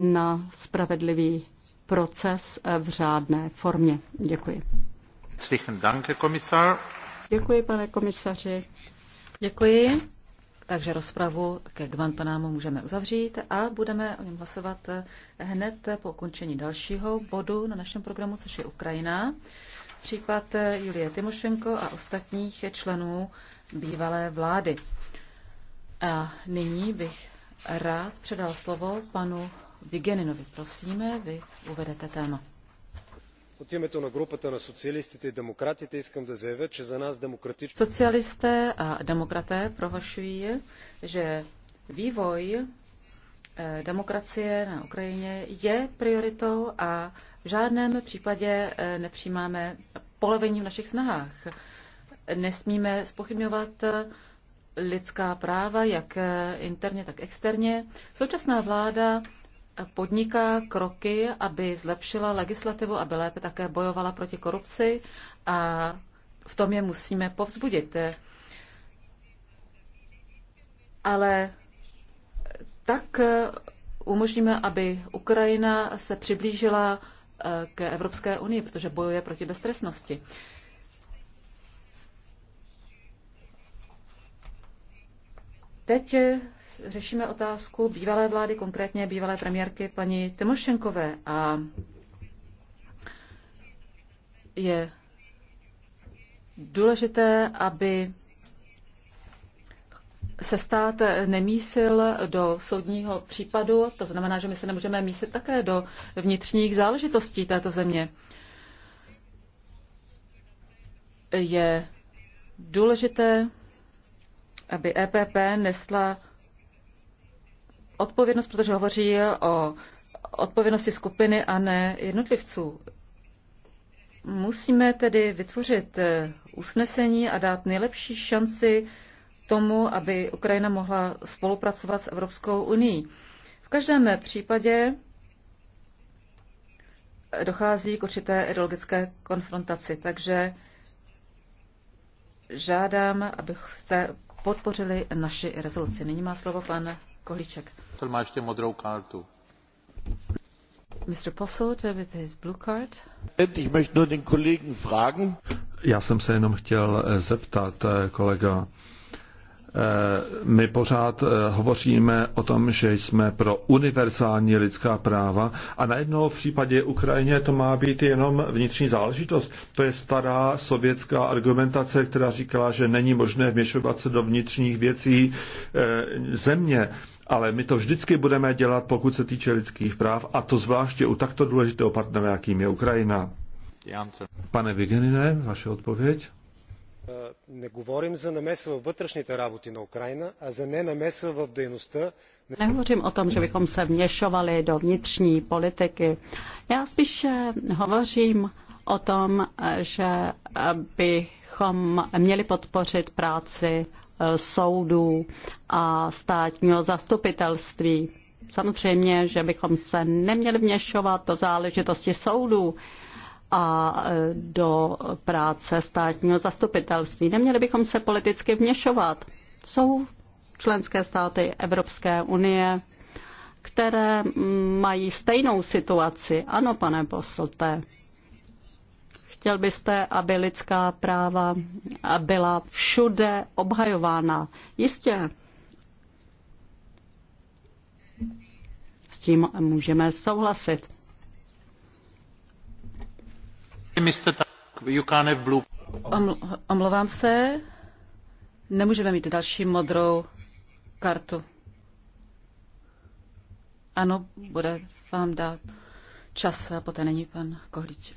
na spravedlivý proces v řádné formě. Děkuji. Děkuji, pane komisaři. Děkuji. Takže rozpravu ke Guantanámu můžeme uzavřít a budeme o něm hlasovat hned po ukončení dalšího bodu na našem programu, což je Ukrajina. Případ Julie Timošenko a ostatních členů bývalé vlády. A nyní bych rád předal slovo panu Vigeninovi. Prosíme, vy uvedete téma. От името na групата на социалистите и демократите искам да заявя, že за nás демократично... Социалисté a demokraté prohlašují, že vývoj demokracie na Ukrajině je prioritou a v žádném případě nepřijímáme polevení v našich snahách. Nesmíme spochybňovat lidská práva, jak interně, tak externě. Současná vláda podniká kroky, aby zlepšila legislativu, aby lépe také bojovala proti korupci a v tom je musíme povzbudit. Ale tak umožníme, aby Ukrajina se přiblížila eh, k Evropské unii, protože bojuje proti beztresnosti. Teď řešíme otázku bývalé vlády, konkrétně bývalé premiérky paní Timošenkové a je důležité, aby se stát nemísil do soudního případu, to znamená, že my se nemůžeme mísit také do vnitřních záležitostí této země. Je důležité, aby EPP nesla odpovědnost, protože hovoří o odpovědnosti skupiny a ne jednotlivců. Musíme tedy vytvořit eh, usnesení a dát nejlepší šanci tomu, aby Ukrajina mohla spolupracovat s Evropskou unii. V každém případě eh, dochází k určité ideologické konfrontaci, takže žádám, abyste podpořili naši rezoluci. Nyní má slovo pan Kolíček. To má ještě modrou kartu. Mr. Posselt uh, with his blue card. Ich möchte nur den Kollegen fragen. Já jsem se jenom chtěl eh, zeptat, eh, kolega. Eh, my pořád hovoříme o tom, že jsme pro univerzální lidská práva a najednou v případě Ukrajině to má být jenom vnitřní záležitost. To je stará sovětská argumentace, která říkala, že není možné vměšovat se do vnitřních věcí země ale my to vždycky budeme dělat, pokud se týče lidských práv, a to zvláště u takto důležitého partnera, jakým je Ukrajina. Pane Vigenine, vaše odpověď? Eh, Nehovorím za за v във вътрешните na Ukrajina a za за ненамеса в дейността. Nehovořím o tom, že bychom se vněšovali do vnitřní politiky. Já spíš hovořím o tom, že bychom měli podpořit práci Eh, soudů a státního zastupitelství. Samozřejmě, že bychom se neměli vměšovat do záležitosti soudů a eh, do práce státního zastupitelství. Neměli bychom se politicky vměšovat. Jsou členské státy Evropské unie, které mm, mají stejnou situaci. Ano, pane poslte. Chtěl byste, aby lidská práva byla všude obhajována. Jistě. S tím můžeme souhlasit. Omlouvám se. Nemůžeme mít další modrou kartu. Ano, bude vám dát čas, a poté není pan Kohlíček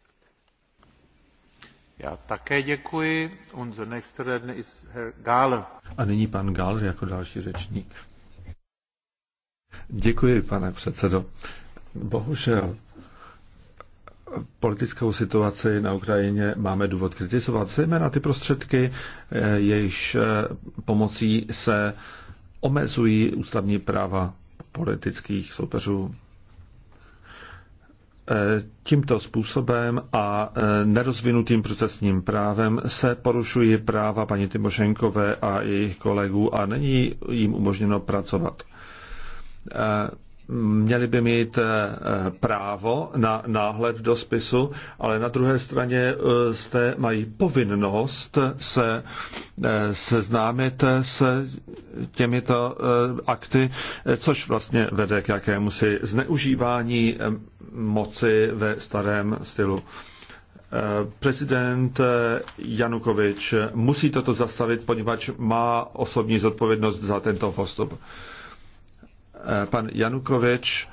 Já také děkuji. Und the next redner is Herr Gál. A nyní pan Gál jako další řečník. Děkuji, pane předsedo. Bohužel politickou situaci na Ukrajině máme důvod kritizovat, zejména ty prostředky, eh, jejichž eh, pomocí se omezují ústavní práva politických soupeřů. E, tímto způsobem a e, nerozvinutým procesním právem se porušují práva paní Tymošenkové a jejich kolegů a není jim umožněno pracovat. E, měli by mít eh, právo na náhled do spisu, ale na druhé straně eh, zde mají povinnost se eh, seznámit s těmito akty, což vlastně vede k jakému si zneužívání moci ve starém stylu. Prezident Janukovič musí toto zastavit, poněvadž má osobní zodpovědnost za tento postup. Eh, pan Janukovič,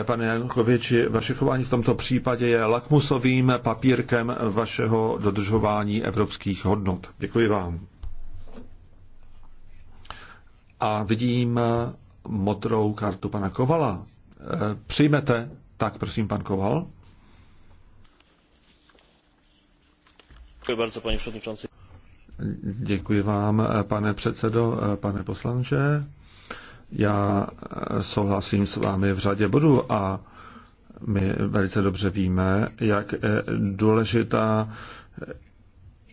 eh, pane Janukoviči, vaše chování v tomto případě je lakmusovým papírkem vašeho dodržování evropských hodnot. Děkuji vám. A vidím modrou kartu pana Kovala. Eh, přijmete, tak prosím, pan Koval. Děkuji bardzo, paní předsedající. Děkuji vám, pane předsedo, pane poslanče. Já eh, souhlasím s vámi v řadě bodů a my velice dobře víme, jak eh, důležitá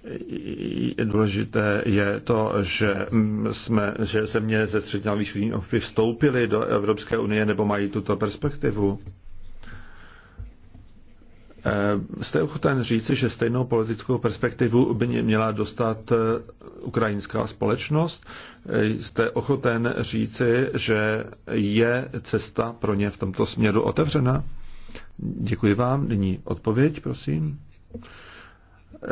eh, důležité je to, že, mm, jsme, že země ze střední a východní vstoupily do Evropské unie nebo mají tuto perspektivu. Eh, jste ochoten říci, že stejnou politickou perspektivu by měla dostat eh, ukrajinská společnost? Eh, jste ochoten říci, že je cesta pro ně v tomto směru otevřena? Děkuji vám. Nyní odpověď, prosím.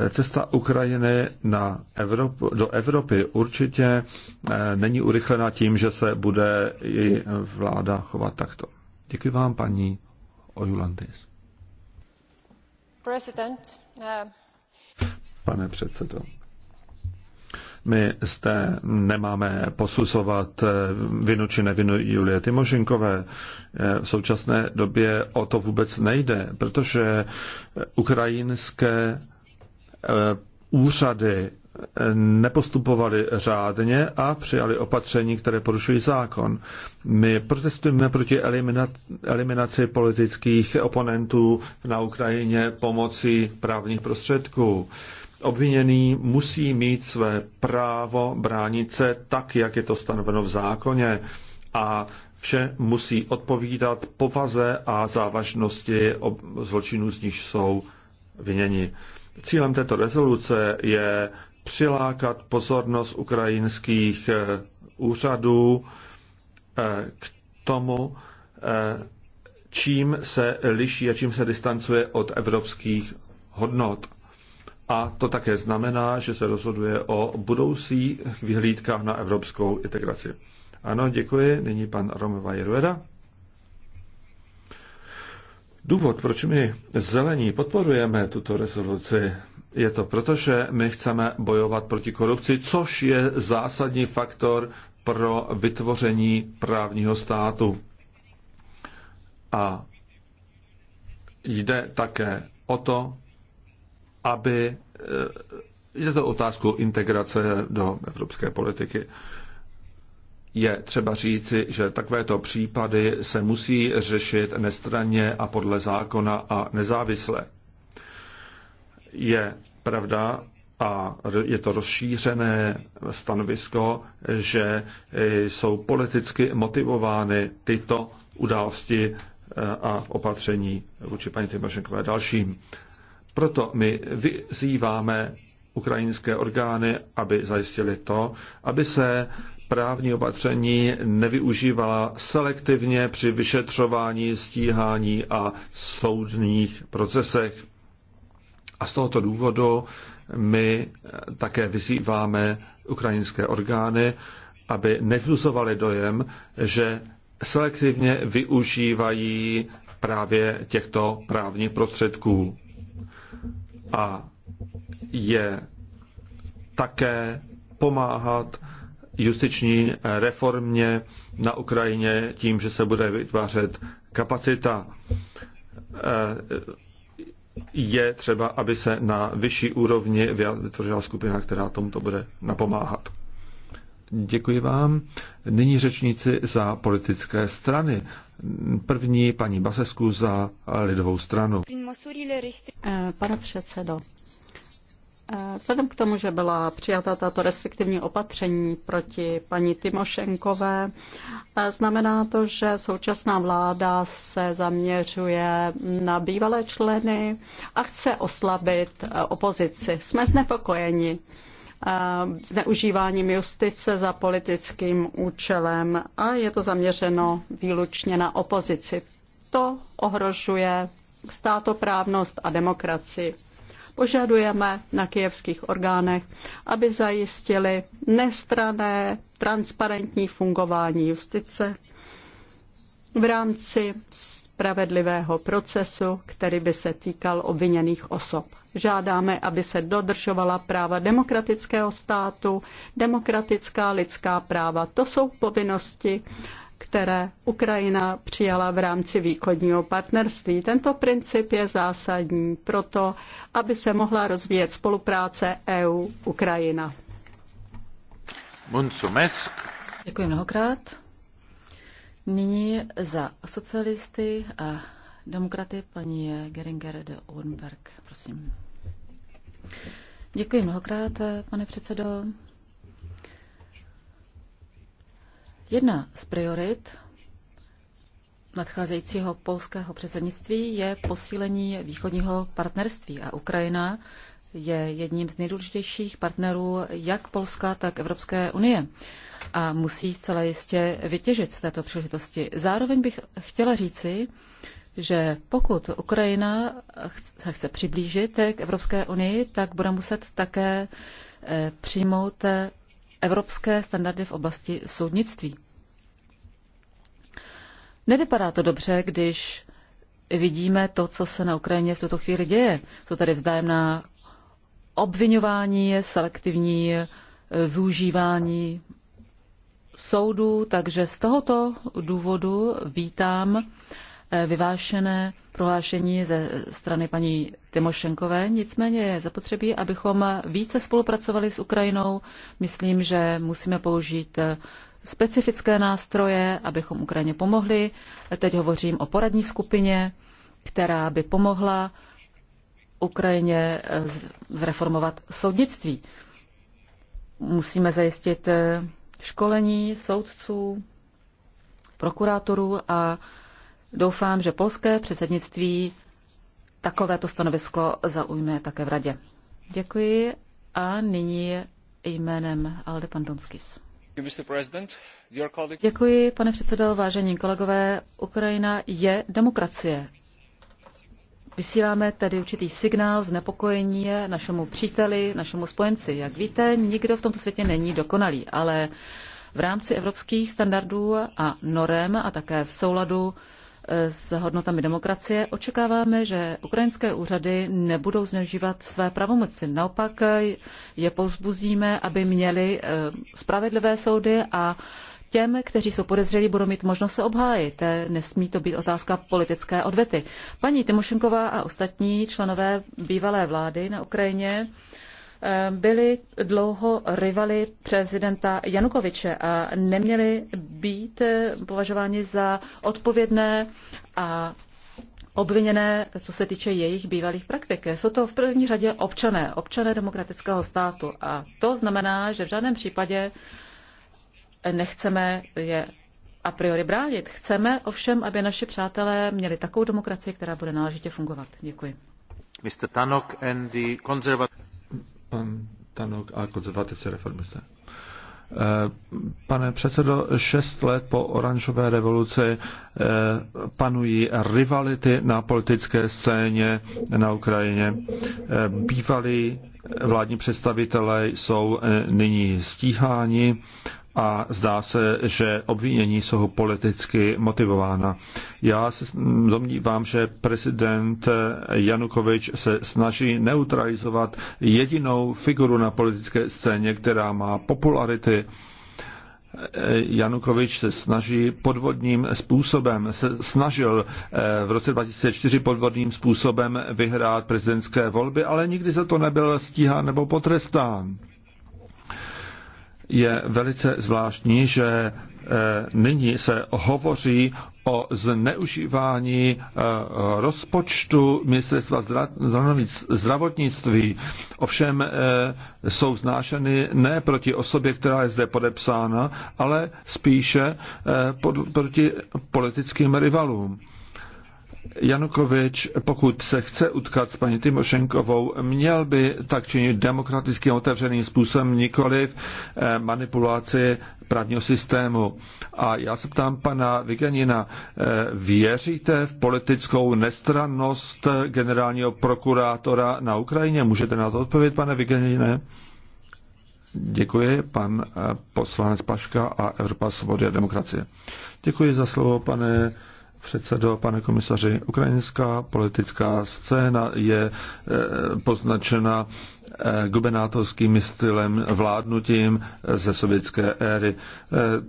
Cesta Ukrajiny na Evrop, do Evropy určitě není urychlena tím, že se bude její vláda chovat takto. Děkuji vám, paní Ojulantis. Uh, Pane předsedo, my zde nemáme posuzovat eh, vinu či nevinu Julie Timošinkové. Eh, v současné době o to vůbec nejde, protože ukrajinské eh, úřady nepostupovali řádně a přijali opatření, které porušují zákon. My protestujeme proti eliminaci politických oponentů na Ukrajině pomocí právních prostředků. Obviněný musí mít své právo bránit se tak, jak je to stanoveno v zákoně a vše musí odpovídat povaze a závažnosti zločinů, z nich jsou viněni. Cílem této rezoluce je přilákat pozornost ukrajinských eh, úřadů eh, k tomu, eh, čím se liší a čím se distancuje od evropských hodnot. A to také znamená, že se rozhoduje o budoucích vyhlídkách na evropskou integraci. Ano, děkuji. Nyní pan Romeva Jerueda. Důvod, proč my zelení podporujeme tuto rezoluci, je to proto, že my chceme bojovat proti korupci, což je zásadní faktor pro vytvoření právního státu. A jde také o to, aby eh, jde to otázku integrace do evropské politiky. Je třeba říci, že takovéto případy se musí řešit nestranně a podle zákona a nezávisle. Je pravda, a je to rozšířené stanovisko, že jsou politicky motivovány tyto události eh, a opatření vůči paní Tymošenkové dalším. Proto my vyzýváme ukrajinské orgány, aby zajistili to, aby se právní opatření nevyužívala selektivně při vyšetřování, stíhání a soudních procesech. A z tohoto důvodu my také vyzýváme ukrajinské orgány, aby nevzbuzovali dojem, že selektivně využívají právě těchto právních prostředků. A je také pomáhat justiční reformě na Ukrajině tím, že se bude vytvářet kapacita je třeba, aby se na vyšší úrovni vytvořila skupina, která tomuto bude napomáhat. Děkuji vám. Nyní řečníci za politické strany. První paní Basesku za lidovou stranu. Eh, pane předsedo, Vzhledem k tomu, že byla přijata tato restriktivní opatření proti paní Timošenkové, eh, znamená to, že současná vláda se zaměřuje na bývalé členy a chce oslabit eh, opozici. Jsme znepokojeni eh, zneužíváním justice za politickým účelem a je to zaměřeno výlučně na opozici. To ohrožuje státoprávnost a demokracii. Požadujeme na kijevských orgánech, aby zajistili nestrané, transparentní fungování justice v rámci spravedlivého procesu, který by se týkal obviněných osob. Žádáme, aby se dodržovala práva demokratického státu, demokratická lidská práva. To jsou povinnosti, které Ukrajina přijala v rámci východního partnerství. Tento princip je zásadní proto, aby se mohla rozvíjet spolupráce EU-Ukrajina. Děkuji mnohokrát. Nyní za socialisty a demokraty paní Geringer de Odenberg. Prosím. Děkuji mnohokrát, pane předsedo. Jedna z priorit nadcházejícího polského předsednictví je posílení východního partnerství a Ukrajina je jedním z nejdůležitějších partnerů jak Polska, tak Evropské unie a musí zcela jistě vytěžit z této příležitosti. Zároveň bych chtěla říci, že pokud Ukrajina se chce přiblížit k Evropské unii, tak bude muset také eh, přijmout eh, evropské standardy v oblasti soudnictví. Nevypadá to dobře, když vidíme to, co se na Ukrajině v tuto chvíli děje. To tady vzájemná obvinování, selektivní eh, využívání soudů, takže z tohoto důvodu vítám Eh, vyvášené prohlášení ze strany paní Timošenkové. Nicméně je zapotřebí, abychom více spolupracovali s Ukrajinou. Myslím, že musíme použít eh, specifické nástroje, abychom Ukrajině pomohli. Teď hovořím o poradní skupině, která by pomohla Ukrajině eh, zreformovat soudnictví. Musíme zajistit školení soudců, prokurátorů a Doufám, že polské předsednictví takovéto stanovisko zaujme také v radě. Děkuji a nyní jménem Alde Pandonskis. Děkuji, pane předsedo, vážení kolegové. Ukrajina je demokracie. Vysíláme tedy určitý signál znepokojení našemu příteli, našemu spojenci. Jak víte, nikdo v tomto světě není dokonalý, ale v rámci evropských standardů a norem a také v souladu s hodnotami demokracie. Očekáváme, že ukrajinské úřady nebudou zneužívat své pravomoci. Naopak je pozbuzíme, aby měli eh, spravedlivé soudy a Těm, kteří jsou podezřelí, budou mít možnost se obhájit. Nesmí to být otázka politické odvety. Paní Timošenková a ostatní členové bývalé vlády na Ukrajině Eh, byli dlouho rivaly prezidenta Janukoviče a neměli být eh, považováni za odpovědné a obviněné, co se týče jejich bývalých praktik. Jsou to v první řadě občané, občané demokratického státu. A to znamená, že v žádném případě nechceme je a priori bránit. Chceme ovšem, aby naši přátelé měli takovou demokracii, která bude náležitě fungovat. Děkuji. Mr. Tanok and the conservative... Pan Tanok a konzervativci reformisté. Eh, pane předsedo, šest let po oranžové revoluci eh, panují rivality na politické scéně na Ukrajině. Eh, bývalí vládní představitelé jsou nyní stíháni a zdá se, že obvinění jsou politicky motivována. Já se domnívám, že prezident Janukovič se snaží neutralizovat jedinou figuru na politické scéně, která má popularity. Janukovič se snaží podvodním způsobem, se snažil eh, v roce 2004 podvodným způsobem vyhrát prezidentské volby, ale nikdy za to nebyl stíhán nebo potrestán je velice zvláštní, že eh, nyní se hovoří o zneužívání eh, rozpočtu ministerstva zdravotnictví. Ovšem eh, jsou znášeny ne proti osobě, která je zde podepsána, ale spíše proti politickým rivalům. Janukovič, pokud se chce utkat s paní Timošenkovou, měl by tak činit demokratickým otevřeným způsobem, nikoliv eh, manipulaci právního systému. A já se ptám pana Vigenina, eh, věříte v politickou nestrannost eh, generálního prokurátora na Ukrajině? Můžete na to odpovědět, pane Vigenine? Děkuji, pan poslanec Paška a Evropa svobody a demokracie. Děkuji za slovo, pane předsedo, pane komisaři, ukrajinská politická scéna je eh, poznačena eh, gubernátorským stylem vládnutím eh, ze sovětské éry.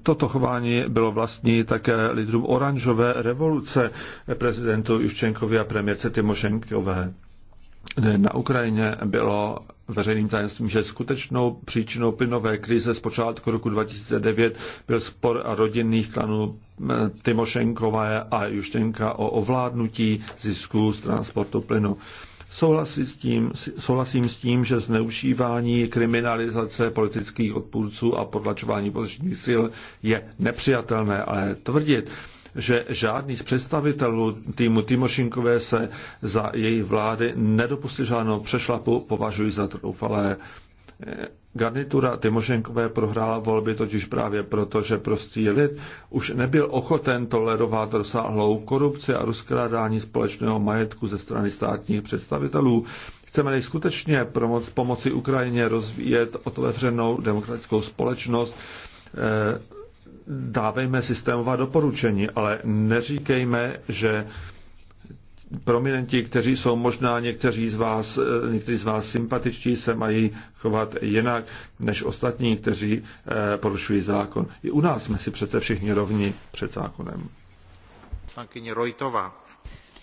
Toto chování bylo vlastní také lidům oranžové revoluce prezidentu Juščenkovi a premiérce Timošenkové. Na Ukrajině bylo veřejným tajemstvím, že skutečnou příčinou plynové krize z počátku roku 2009 byl spor a rodinných klanů eh, Timošenkova a Juštěnka o ovládnutí zisků z transportu plynu. Souhlasím s, tím, souhlasím s tím, že zneužívání kriminalizace politických odpůrců a podlačování pozitivních sil je nepřijatelné, ale tvrdit, že žádný z představitelů týmu Timošinkové se za její vlády nedopustil žádnou přešlapu, považuji za troufalé. Garnitura Timošenkové prohrála volby totiž právě proto, že prostý lid už nebyl ochoten tolerovat rozsáhlou korupci a rozkrádání společného majetku ze strany státních představitelů. Chceme-li skutečně pomoci Ukrajině rozvíjet otevřenou demokratickou společnost, eh, dávejme systémová doporučení, ale neříkejme, že prominenti, kteří jsou možná někteří z vás, eh, někteří z vás sympatičtí, se mají chovat jinak než ostatní, kteří eh, porušují zákon. I u nás jsme si přece všichni rovni před zákonem. Pankyně Rojtová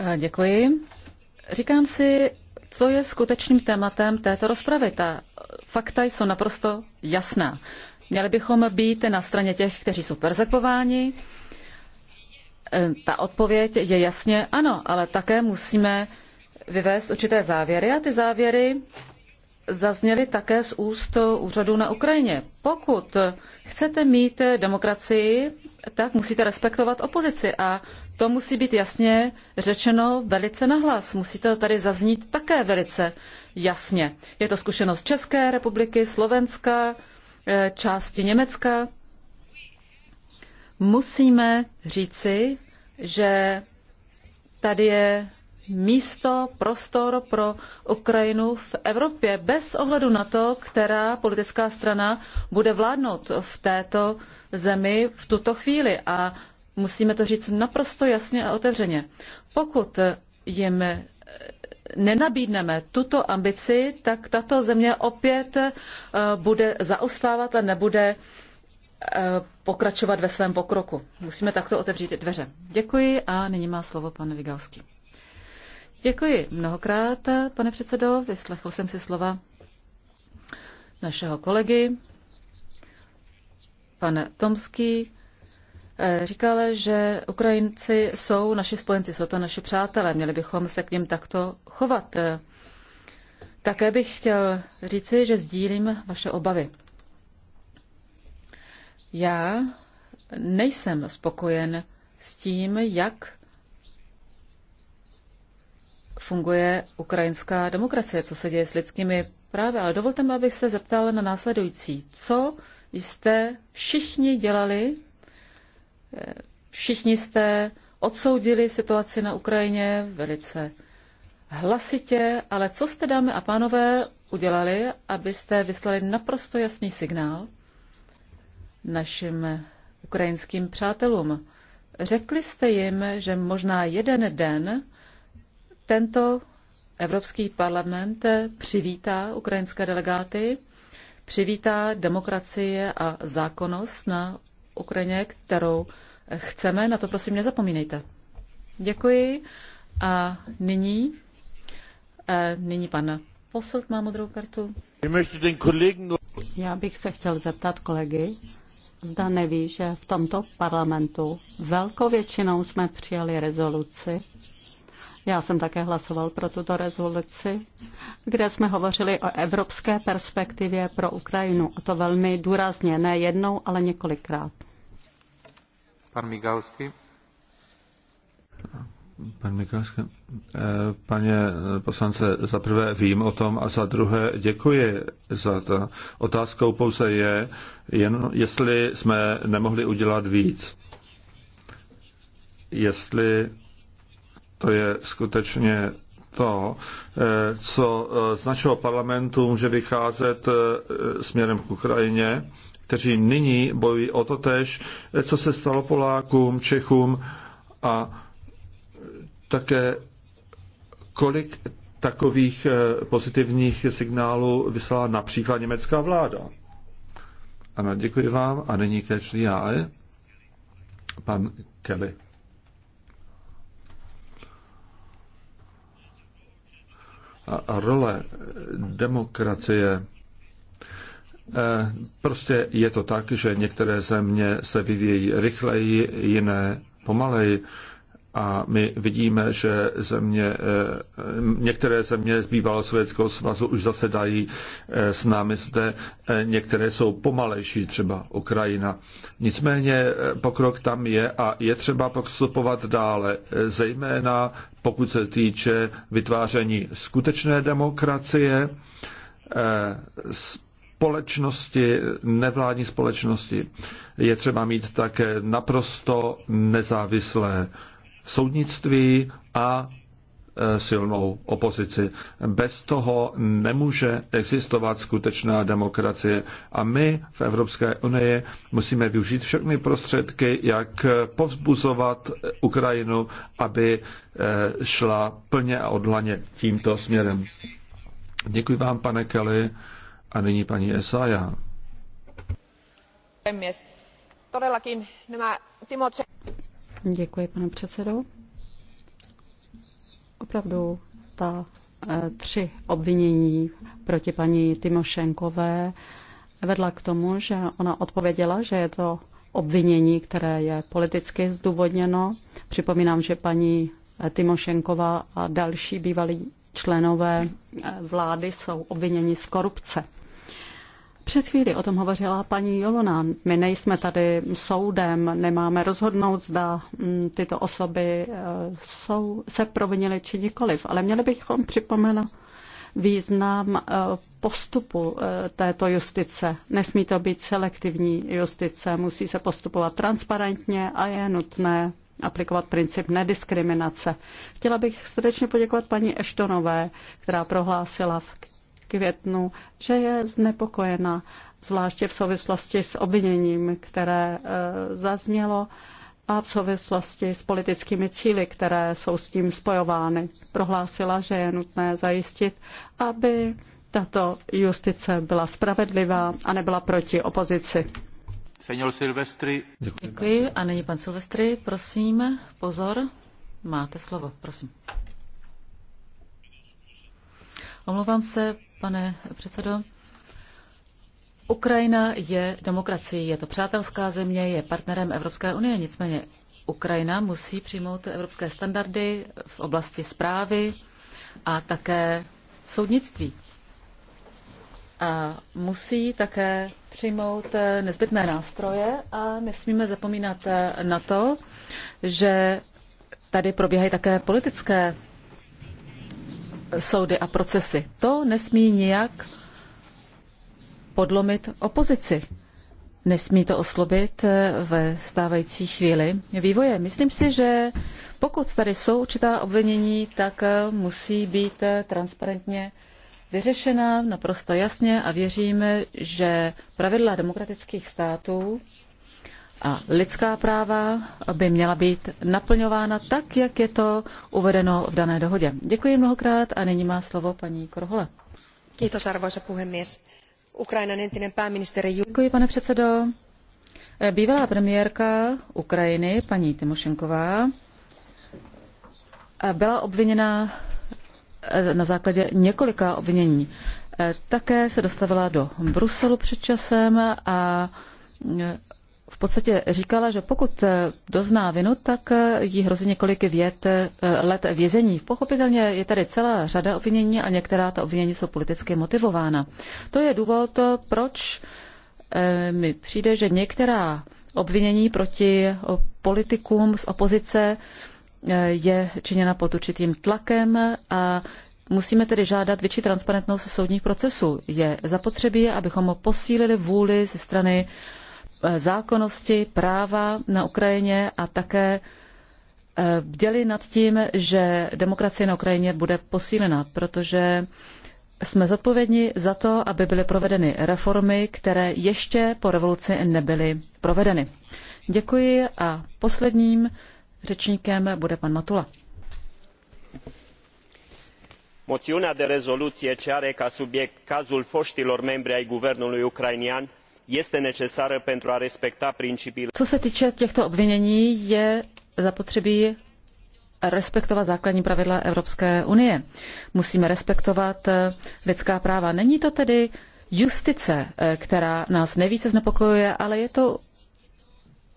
Eh, děkuji. Říkám si, co je skutečným tématem této rozpravy. Ta fakta jsou naprosto jasná. Měli bychom být na straně těch, kteří jsou persekováni. Eh, ta odpověď je jasně ano, ale také musíme vyvést určité závěry a ty závěry zazněly také z úst úřadů na Ukrajině. Pokud chcete mít demokracii, tak musíte respektovat opozici a to musí být jasně řečeno velice nahlas. Musí to tady zaznít také velice jasně. Je to zkušenost České republiky, Slovenska, eh, části Německa. Musíme říci, že tady je místo, prostor pro Ukrajinu v Evropě, bez ohledu na to, která politická strana bude vládnout v této zemi v tuto chvíli. A Musíme to říct naprosto jasně a otevřeně. Pokud jim nenabídneme tuto ambici, tak tato země opět eh, bude zaostávat a nebude eh, pokračovat ve svém pokroku. Musíme takto otevřít dveře. Děkuji a nyní má slovo pan Vigalský. Děkuji mnohokrát, pane předsedo. Vyslechl jsem si slova našeho kolegy. pane Tomský Eh, říkala, že Ukrajinci jsou naši spojenci, jsou to naši přátelé, měli bychom se k ním takto chovat. Eh, také bych chtěl říci, že sdílím vaše obavy. Já nejsem spokojen s tím, jak funguje ukrajinská demokracie, co se děje s lidskými právy, ale dovolte mi, abych se zeptal na následující. Co jste všichni dělali Všichni jste odsoudili situaci na Ukrajině velice hlasitě, ale co jste, dámy a pánové, udělali, abyste vyslali naprosto jasný signál našim ukrajinským přátelům? Řekli jste jim, že možná jeden den tento Evropský parlament přivítá ukrajinské delegáty, přivítá demokracie a zákonnost na Ukrajině, kterou chceme. Na to prosím nezapomínejte. Děkuji. A nyní, eh, nyní pan Poselt má modrou kartu. Já bych se chtěl zeptat kolegy, zda neví, že v tomto parlamentu velkou většinou jsme přijali rezoluci. Já jsem také hlasoval pro tuto rezoluci, kde jsme hovořili o evropské perspektivě pro Ukrajinu. A to velmi důrazně, ne jednou, ale několikrát. Pan Migalsky. Pan eh, Pane poslance, za prvé vím o tom a za druhé děkuji za to. Otázkou pouze je, jen, jestli jsme nemohli udělat víc. Jestli to je skutečně to, eh, co eh, z našeho parlamentu může vycházet směrem k Ukrajině kteří nyní bojují o to tež, co se stalo Polákům, Čechům a také kolik takových eh, pozitivních signálů vyslala například německá vláda. Ano, děkuji vám a nyní catch eh? the Pan Kelly. A role demokracie Eh, prostě je to tak, že některé země se vyvíjejí rychleji, jiné pomaleji. A my vidíme, že země, eh, některé země z bývalého Sovětského svazu už zase dají eh, s námi zde, některé jsou pomalejší, třeba Ukrajina. Nicméně pokrok tam je a je třeba postupovat dále, zejména pokud se týče vytváření skutečné demokracie, společnosti, nevládní společnosti. Je třeba mít také naprosto nezávislé soudnictví a e, silnou opozici. Bez toho nemůže existovat skutečná demokracie. A my v Evropské unii musíme využít všechny prostředky, jak povzbuzovat Ukrajinu, aby e, šla plně a odhlaně tímto směrem. Děkuji vám, pane Kelly. A nyní paní Esaja. Todellakin nämä Timotse... Děkuji, pane předsedo. Opravdu ta e, tři obvinění proti paní Timošenkové vedla k tomu, že ona odpověděla, že je to obvinění, které je politicky zdůvodněno. Připomínám, že paní e, Timošenková a další bývalí členové e, vlády jsou obviněni z korupce. Před chvíli o tom hovořila paní Jolona. My nejsme tady soudem, nemáme rozhodnout, zda mm, tyto osoby e, jsou, se provinily či nikoliv, ale měli bychom připomenout význam e, postupu e, této justice. Nesmí to být selektivní justice, musí se postupovat transparentně a je nutné aplikovat princip nediskriminace. Chtěla bych srdečně poděkovat paní Eštonové, která prohlásila v květnu, že je znepokojena, zvláště v souvislosti s obviněním, které e, zaznělo a v souvislosti s politickými cíly, které jsou s tím spojovány. Prohlásila, že je nutné zajistit, aby tato justice byla spravedlivá a nebyla proti opozici. Senior Silvestri. Děkuji. Děkuji. A nyní pan Silvestri, prosím, pozor, máte slovo, prosím. Omlouvám se, pane předsedo. Ukrajina je demokracií, je to přátelská země, je partnerem Evropské unie, nicméně Ukrajina musí přijmout evropské standardy v oblasti zprávy a také soudnictví. A musí také přijmout nezbytné nástroje a nesmíme zapomínat na to, že tady probíhají také politické soudy a procesy. To nesmí nijak podlomit opozici. Nesmí to oslobit eh, ve stávající chvíli vývoje. Myslím si, že pokud tady jsou určitá obvinění, tak eh, musí být eh, transparentně vyřešena naprosto jasně a věříme, že pravidla demokratických států a lidská práva by měla být naplňována tak, jak je to uvedeno v dané dohodě. Děkuji mnohokrát a nyní má slovo paní Korhola. Kiitos, arvoisa puhemies. Ukrainan entinen pääministeri... Děkuji, pane předsedo. Bývalá premiérka Ukrajiny, paní Timošenková, byla obviněna eh, na základě několika obvinění. Eh, také se dostavila do Bruselu před časem a eh, v podstatě říkala, že pokud eh, dozná vinu, tak eh, jí hrozí několik vět, eh, let vězení. Pochopitelně je tady celá řada obvinění a některá ta obvinění jsou politicky motivována. To je důvod, proč mi přijde, že některá obvinění proti politikům z opozice je činěna pod určitým tlakem a Musíme tedy žádat větší transparentnost soudních procesů. Je zapotřebí, abychom posílili vůli ze strany Eh, zákonnosti práva na Ukrajině a také eh, bděli nad tím, že demokracie na Ukrajině bude posílena, protože jsme zodpovědní za to, aby byly provedeny reformy, které ještě po revoluci nebyly provedeny. Děkuji a posledním řečníkem bude pan Matula. Moțiunea de rezoluție ce are ca subiect cazul foștilor membri ai guvernului ucrainian este necesară pentru a respecta principiile. Co se týče těchto obvinění, je zapotřebí respektovat základní pravidla Evropské unie. Musíme respektovat eh, lidská práva. Není to tedy justice, eh, která nás nejvíce znepokojuje, ale je to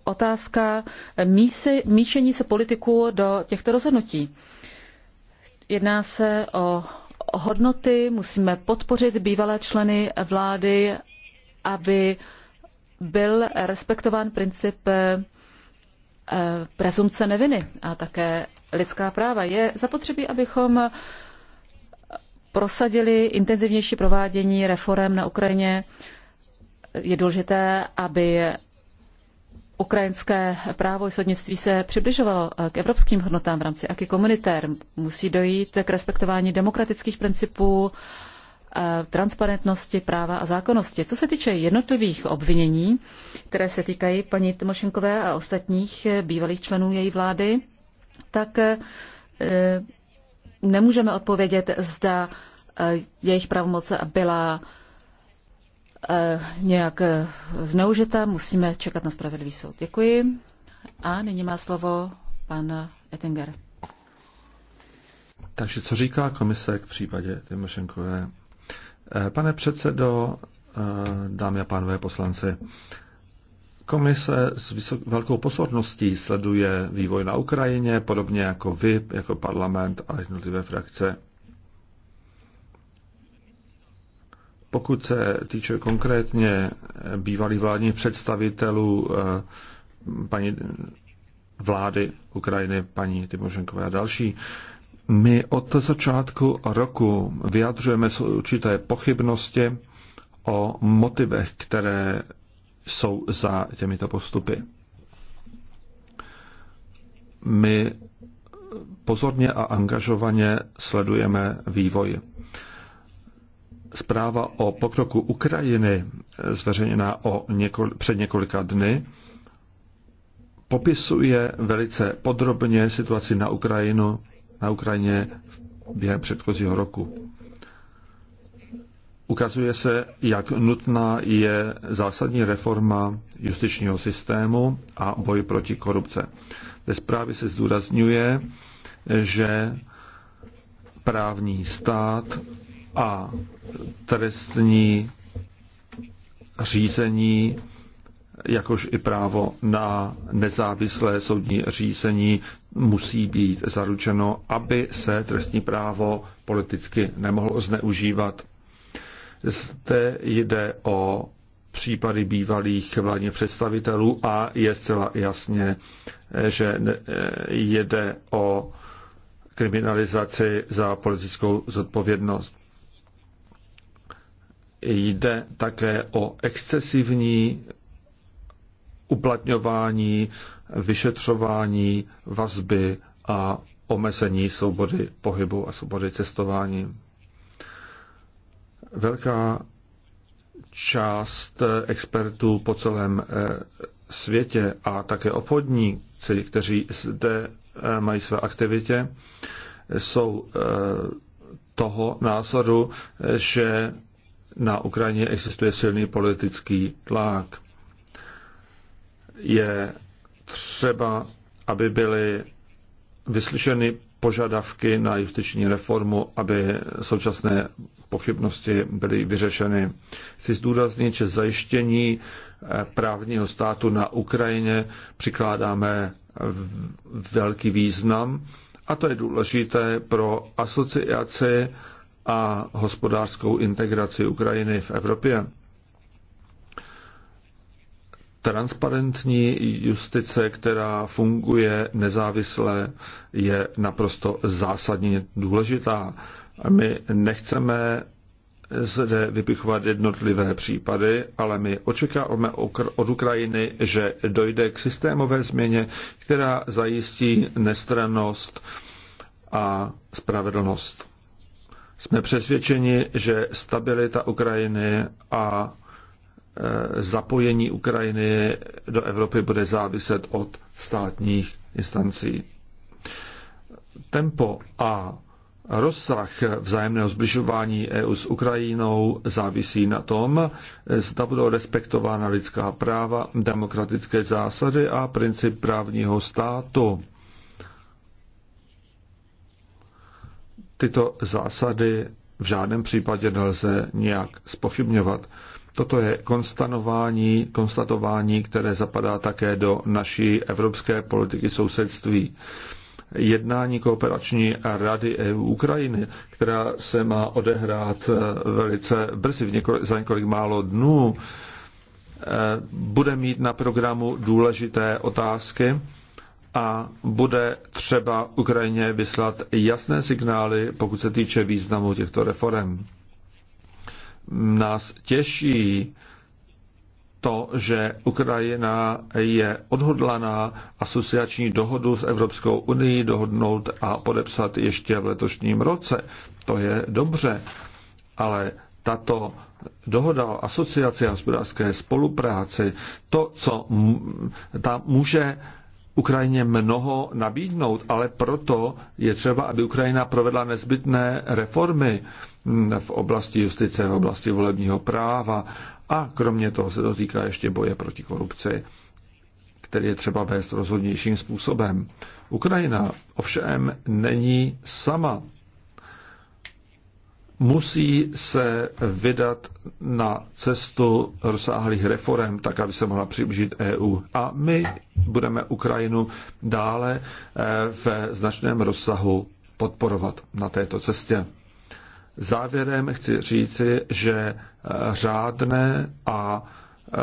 otázka eh, mísi, míšení se politiků do těchto rozhodnutí. Jedná se o hodnoty, musíme podpořit bývalé členy vlády aby byl respektován princip eh, prezumce neviny a také lidská práva. Je zapotřebí, abychom prosadili intenzivnější provádění reform na Ukrajině. Je důležité, aby ukrajinské právo i soudnictví se přibližovalo eh, k evropským hodnotám v rámci aky komunitér. Musí dojít k respektování demokratických principů, Eh, transparentnosti práva a zákonnosti. Co se týče jednotlivých obvinění, které se týkají paní Tymošenkové a ostatních eh, bývalých členů její vlády, tak eh, nemůžeme odpovědět, zda jejich pravomoce byla nějak zneužita. Musíme čekat na spravedlivý soud. Děkuji. A nyní má slovo pan Ettinger. Takže co říká komise k případě Tymošenkové? Eh, pane předsedo, eh, dámy a pánové poslanci, Komise s vysok- velkou pozorností sleduje vývoj na Ukrajině, podobně jako vy, jako parlament a jednotlivé frakce. Pokud se týče konkrétně bývalých vládních představitelů eh, paní vlády Ukrajiny, paní Timošenkové a další, my od začátku roku vyjadřujeme určité pochybnosti o motivech, které jsou za těmito postupy. My pozorně a angažovaně sledujeme vývoj. Zpráva o pokroku Ukrajiny, zveřejněná o několik, před několika dny, popisuje velice podrobně situaci na Ukrajinu na Ukrajině během předchozího roku. Ukazuje se, jak nutná je zásadní reforma justičního systému a boj proti korupce. Ve zprávě se zdůrazňuje, že právní stát a trestní řízení jakož i právo na nezávislé soudní řízení musí být zaručeno, aby se trestní právo politicky nemohlo zneužívat. Zde jde o případy bývalých vládních představitelů a je zcela jasně, že jde o kriminalizaci za politickou zodpovědnost. Jde také o excesivní uplatňování, vyšetřování, vazby a omezení svobody pohybu a svobody cestování. Velká část expertů po celém eh, světě a také obchodníci, kteří zde eh, mají své aktivitě, jsou eh, toho názoru, že na Ukrajině existuje silný politický tlak je třeba, aby byly vyslyšeny požadavky na justiční reformu, aby současné pochybnosti byly vyřešeny. Chci zdůraznit, že zajištění eh, právního státu na Ukrajině přikládáme velký význam a to je důležité pro asociaci a hospodářskou integraci Ukrajiny v Evropě transparentní justice, která funguje nezávisle, je naprosto zásadně důležitá. My nechceme zde vypichovat jednotlivé případy, ale my očekáváme od Ukrajiny, že dojde k systémové změně, která zajistí nestrannost a spravedlnost. Jsme přesvědčeni, že stabilita Ukrajiny a Eh, zapojení Ukrajiny do Evropy bude záviset od státních instancí. Tempo a rozsah vzájemného zbližování EU s Ukrajinou závisí na tom, zda budou respektována lidská práva, demokratické zásady a princip právního státu. Tyto zásady v žádném případě nelze nějak spochybňovat. Toto je konstatování, konstatování, které zapadá také do naší evropské politiky sousedství. Jednání kooperační rady EU Ukrajiny, která se má odehrát eh, velice brzy, v několik, za několik málo dnů, eh, bude mít na programu důležité otázky a bude třeba Ukrajině vyslat jasné signály, pokud se týče významu těchto reform nás těší to, že Ukrajina je odhodlaná asociační dohodu s Evropskou unii dohodnout a podepsat ještě v letošním roce. To je dobře, ale tato dohoda o asociaci a hospodářské spolupráci, to, co tam může Ukrajině mnoho nabídnout, ale proto je třeba, aby Ukrajina provedla nezbytné reformy v oblasti justice, v oblasti volebního práva a kromě toho se dotýká ještě boje proti korupci, který je třeba vést rozhodnějším způsobem. Ukrajina ovšem není sama musí se vydat na cestu rozsáhlých reform, tak aby se mohla přiblížit EU. A my budeme Ukrajinu dále eh, v značném rozsahu podporovat na této cestě. Závěrem chci říci, že eh, řádné a eh,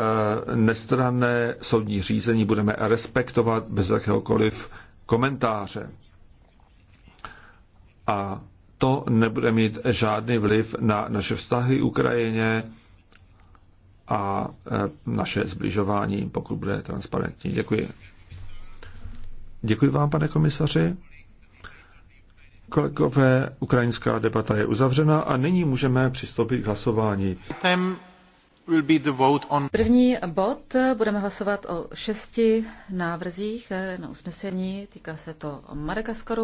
nestranné soudní řízení budeme respektovat bez jakéhokoliv komentáře. A to nebude mít žádný vliv na naše vztahy Ukrajině a e, naše zbližování, pokud bude transparentní. Děkuji. Děkuji vám, pane komisaři. Kolegové, ukrajinská debata je uzavřena a nyní můžeme přistoupit k hlasování. První bod budeme hlasovat o šesti návrzích e, na usnesení. Týká se to Madagaskaru.